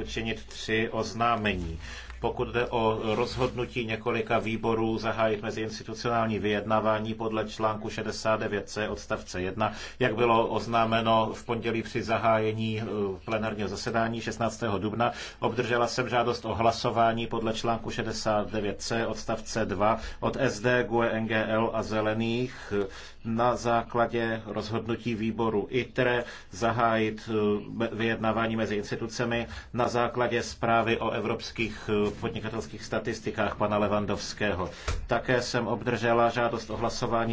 učinit tři oznámení. Pokud jde o rozhodnutí několika výborů zahájit meziinstitucionální vyjednávání podle článku 69c odstavce 1, jak bylo oznámeno v pondělí při zahájení eh, plenárního zasedání 16. dubna, obdržela jsem žádost o hlasování podle článku 69c odstavce 2 od SD, GUE, NGL a Zelených eh, na základě rozhodnutí výboru ITRE zahájit eh, vyjednávání mezi institucemi na základě zprávy o evropských eh, podnikatelských statistikách pana Levandovského. Také jsem obdržela žádost o hlasování